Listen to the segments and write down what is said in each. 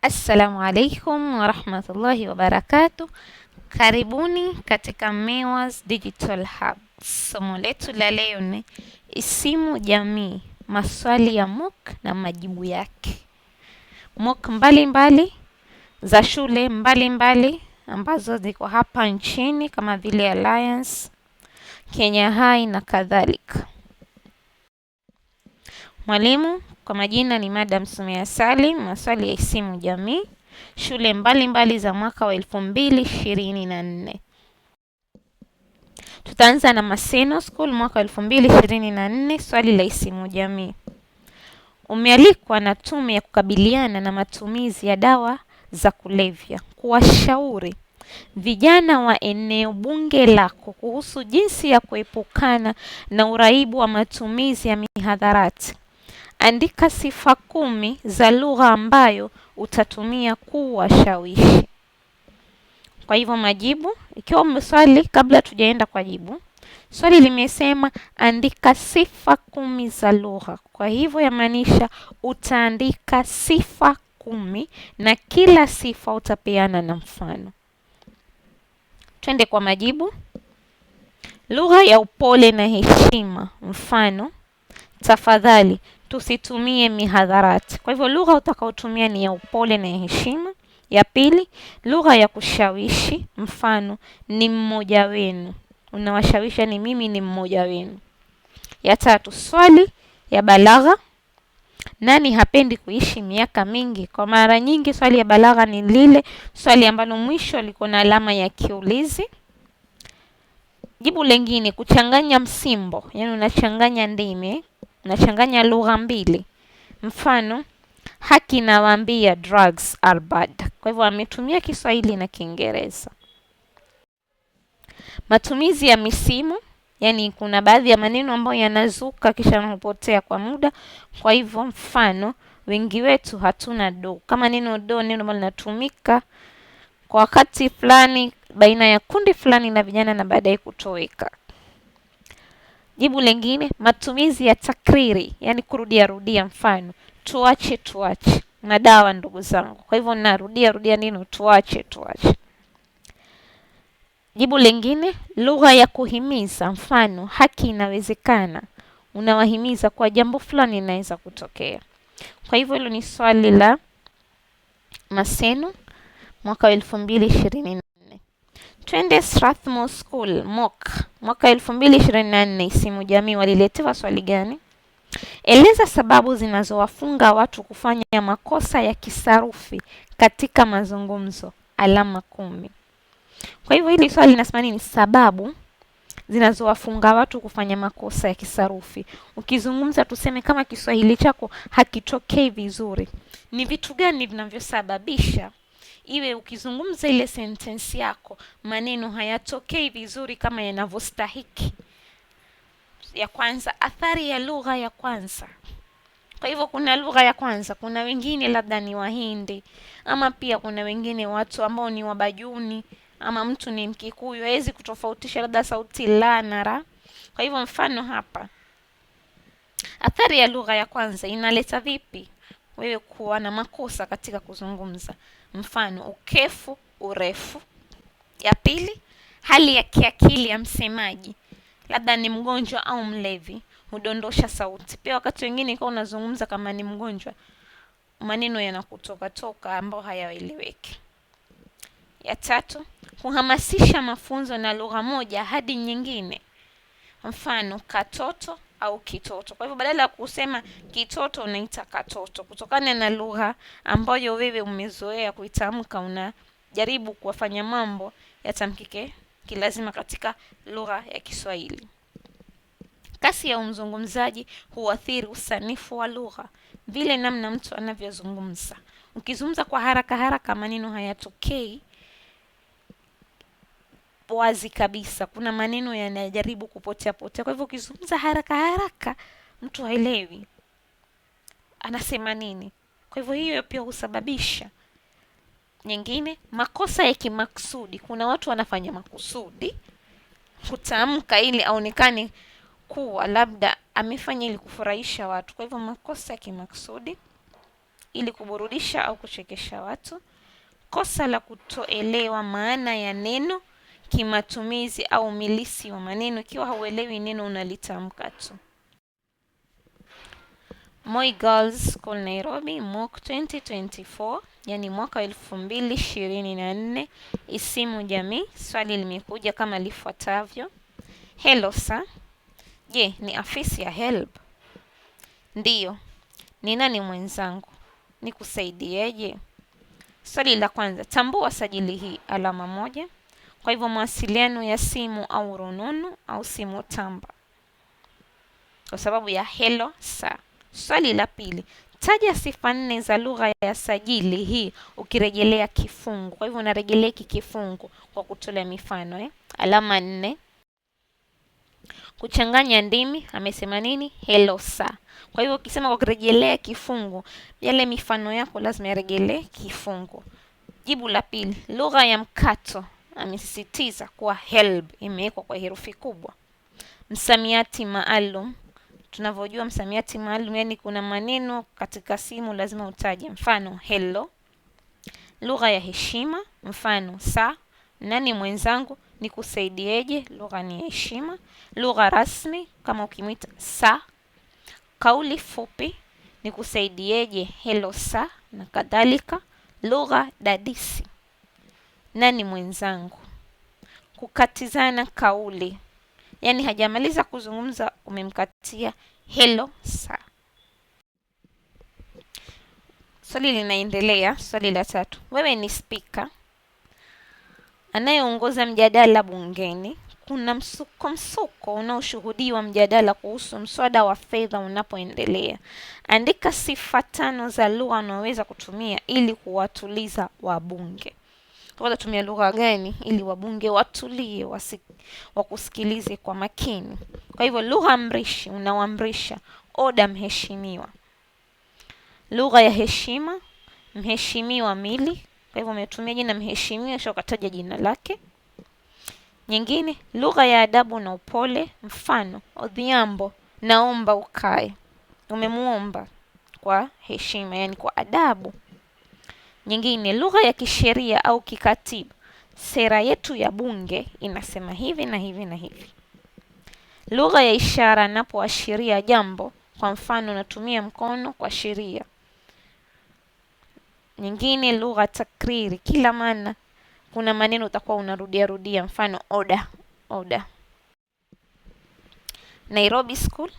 Assalamu alaikum warahmatullahi wabarakatuh. Karibuni katika MEWAS Digital Hub. Somo letu la leo ni isimu jamii, maswali ya MOOC na majibu yake. Mock mbalimbali za shule mbalimbali mbali, ambazo ziko hapa nchini kama vile Alliance, Kenya High na kadhalika. Mwalimu kwa majina ni Madam Sumia Salim, maswali ya isimu jamii, shule mbalimbali mbali za mwaka wa elfu mbili ishirini na nne. Tutaanza na Maseno School mwaka wa elfu mbili ishirini na nne. Swali la isimu jamii, umealikwa na tume ya kukabiliana na matumizi ya dawa za kulevya kuwashauri vijana wa eneo bunge lako kuhusu jinsi ya kuepukana na uraibu wa matumizi ya mihadharati Andika sifa kumi za lugha ambayo utatumia kuwashawishi. Kwa hivyo majibu, ikiwa umeswali, kabla tujaenda kwa jibu, swali limesema andika sifa kumi za lugha. Kwa hivyo yamaanisha utaandika sifa kumi na kila sifa utapeana na mfano. Twende kwa majibu. Lugha ya upole na heshima, mfano: tafadhali tusitumie mihadharati. Kwa hivyo lugha utakaotumia ni ya upole na ya heshima. Ya pili, lugha ya kushawishi. Mfano, ni mmoja wenu, unawashawisha ni mimi ni mmoja wenu. Ya tatu, swali ya balagha. Nani hapendi kuishi miaka mingi? Kwa mara nyingi swali ya balagha ni lile swali ambalo mwisho liko na alama ya kiulizi. Jibu lengine, kuchanganya msimbo, yaani unachanganya ndimi unachanganya lugha mbili. Mfano, haki inawaambia drugs are bad. Kwa hivyo ametumia Kiswahili na Kiingereza. Matumizi ya misimu, yani kuna baadhi ya maneno ambayo yanazuka kisha yanapotea kwa muda. Kwa hivyo mfano, wengi wetu hatuna do. Kama neno do, neno ambalo linatumika kwa wakati fulani baina ya kundi fulani la vijana na baadaye kutoweka. Jibu lingine, matumizi ya takriri, yani kurudia rudia, mfano tuache tuache na dawa, ndugu zangu. Kwa hivyo narudia rudia neno tuache tuache. Jibu lingine, lugha ya kuhimiza, mfano haki inawezekana, unawahimiza kwa jambo fulani inaweza kutokea. Kwa hivyo hilo ni swali la Maseno mwaka wa elfu mbili ishirini na nne. Twende Strathmore School mock mwaka 2024 simu jamii waliletewa swali gani? Eleza sababu zinazowafunga watu kufanya makosa ya kisarufi katika mazungumzo, alama kumi. Kwa hivyo hili swali linasema nini? Sababu zinazowafunga watu kufanya makosa ya kisarufi. Ukizungumza tuseme kama Kiswahili chako hakitokei vizuri, ni vitu gani vinavyosababisha iwe ukizungumza ile sentensi yako maneno hayatokei vizuri kama yanavyostahiki. Ya kwanza, athari ya lugha ya kwanza. Kwa hivyo kuna lugha ya kwanza, kuna wengine labda ni Wahindi ama pia kuna wengine watu ambao ni Wabajuni ama mtu ni Mkikuyu hawezi kutofautisha labda sauti la na ra. Kwa hivyo mfano hapa, athari ya lugha ya kwanza inaleta vipi wewe kuwa na makosa katika kuzungumza? mfano ukefu, urefu. Ya pili, hali ya kiakili ya msemaji, labda ni mgonjwa au mlevi, hudondosha sauti. Pia wakati wengine ikiwa unazungumza kama ni mgonjwa, maneno yanakutokatoka ambayo hayaeleweki. Ya tatu, kuhamasisha mafunzo na lugha moja hadi nyingine, mfano katoto au kitoto. Kwa hivyo badala ya kusema kitoto unaita katoto, kutokana na lugha ambayo wewe umezoea kuitamka, unajaribu kuwafanya mambo yatamkike kilazima katika lugha ya Kiswahili. Kasi ya umzungumzaji huathiri usanifu wa lugha, vile namna mtu anavyozungumza. Ukizungumza kwa haraka haraka, maneno hayatokei wazi kabisa, kuna maneno yanayojaribu kupotea potea. Kwa hivyo ukizungumza haraka haraka mtu haelewi anasema nini. Kwa hivyo hiyo pia husababisha nyingine, makosa ya kimaksudi Kuna watu wanafanya makusudi kutamka ili aonekane kuwa labda amefanya ili kufurahisha watu. Kwa hivyo makosa ya kimaksudi ili kuburudisha au kuchekesha watu. Kosa la kutoelewa maana ya neno kimatumizi au milisi wa maneno ikiwa hauelewi neno unalitamka tu. Moi Girls School Nairobi MOOC 2024 yani mwaka wa elfu mbili ishirini na nne isimu jamii. Swali limekuja kama lifuatavyo: hello sir, je, ni afisi ya HELB? Ndiyo. Ni nani mwenzangu? Nikusaidieje? Swali la kwanza, tambua sajili hii, alama moja. Kwa hivyo mawasiliano ya simu au rununu au simu tamba kwa sababu ya hello saa. Swali la pili, taja sifa nne za lugha ya sajili hii ukirejelea kifungu. Kwa hivyo unarejelea iki kifungu kwa kutolea mifano eh? Alama nne kuchanganya ndimi amesema nini? Hello saa. Kwa hivyo ukisema kwa kurejelea kifungu, yale mifano yako lazima yarejelee kifungu. Jibu la pili, lugha ya mkato amesisitiza kuwa HELB imewekwa kwa herufi kubwa. Msamiati maalum, tunavyojua msamiati maalum, yani kuna maneno katika simu lazima utaje, mfano hello. Lugha ya heshima, mfano saa, nani mwenzangu, nikusaidieje, lugha ni ya heshima. Lugha rasmi kama ukimwita saa. Kauli fupi, nikusaidieje, hello saa na kadhalika. Lugha dadisi nani mwenzangu, kukatizana kauli, yaani hajamaliza kuzungumza umemkatia helo sa Swali linaendelea, swali la tatu. Wewe ni spika anayeongoza mjadala bungeni. Kuna msuko msuko unaoshuhudiwa mjadala kuhusu mswada wa fedha unapoendelea. Andika sifa tano za lugha unaoweza kutumia ili kuwatuliza wabunge watatumia lugha gani ili mm. wabunge watulie, wasi, wakusikilize kwa makini. Kwa hivyo lugha mrishi unaoamrisha oda, mheshimiwa, lugha ya heshima, mheshimiwa mili. Kwa hivyo umetumia jina mheshimiwa, kisha ukataja jina lake. Nyingine, lugha ya adabu na upole. Mfano, Odhiambo, naomba ukae. Umemuomba kwa heshima, yani kwa adabu nyingine, lugha ya kisheria au kikatiba, sera yetu ya bunge inasema hivi na hivi na hivi. Lugha ya ishara napoashiria jambo, kwa mfano natumia mkono kwa sheria Nyingine lugha takriri, kila maana kuna maneno utakuwa unarudia rudia, mfano oda, oda. Nairobi School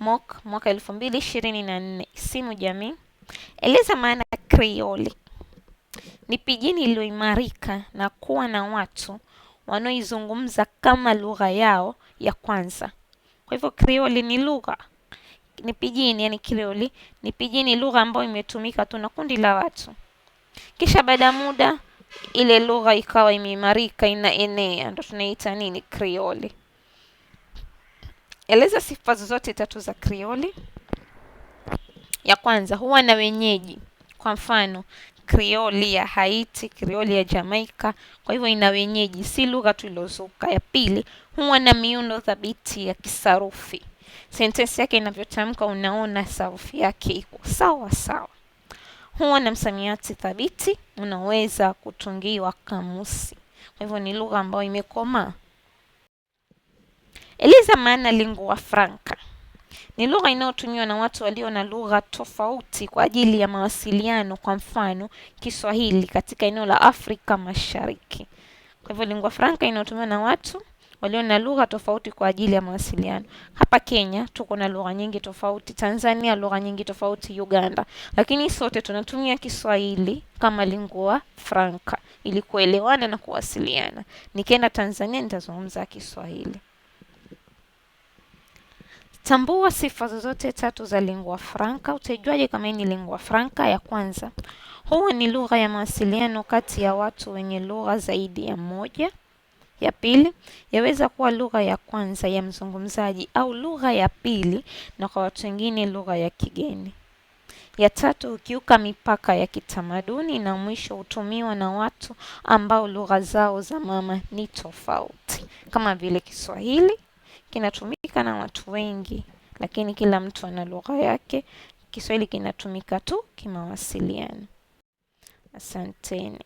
MOOC mwaka 2024 simu jamii, eleza maana ya Krioli ni pijini iliyoimarika na kuwa na watu wanaoizungumza kama lugha yao ya kwanza. Kwa hivyo Krioli ni lugha ni pijini, yani Krioli ni pijini, lugha ambayo imetumika tu na kundi la watu. Kisha baada ya muda ile lugha ikawa imeimarika, inaenea, ndo tunaita nini? Krioli. Eleza sifa zote tatu za Krioli. Ya kwanza huwa na wenyeji, kwa mfano Krioli ya Haiti, Krioli ya Jamaika. Kwa hivyo ina wenyeji, si lugha tu tulilozuka. Ya pili, huwa na miundo thabiti ya kisarufi, sentensi yake inavyotamka, unaona sarufi yake iko sawa sawa. Huwa na msamiati thabiti, unaweza kutungiwa kamusi. Kwa hivyo ni lugha ambayo imekomaa. Eleza maana lingua franca. Ni lugha inayotumiwa na watu walio na lugha tofauti kwa ajili ya mawasiliano, kwa mfano Kiswahili katika eneo la Afrika Mashariki. Kwa hivyo lingua franca inayotumiwa na watu walio na lugha tofauti kwa ajili ya mawasiliano. Hapa Kenya tuko na lugha nyingi tofauti, Tanzania lugha nyingi tofauti, Uganda, lakini sote tunatumia Kiswahili kama lingua franca ili kuelewana na kuwasiliana. Nikienda Tanzania nitazungumza Kiswahili. Tambua sifa zozote tatu za lingua franca. Utajuaje kama ni lingua franca? Ya kwanza, huwa ni lugha ya mawasiliano kati ya watu wenye lugha zaidi ya moja. Ya pili, yaweza kuwa lugha ya kwanza ya mzungumzaji au lugha ya pili, na kwa watu wengine lugha ya kigeni. Ya tatu, ukiuka mipaka ya kitamaduni, na mwisho hutumiwa na watu ambao lugha zao za mama ni tofauti, kama vile Kiswahili kinatumia inatumika na watu wengi, lakini kila mtu ana lugha yake. Kiswahili kinatumika tu kimawasiliano. Asanteni.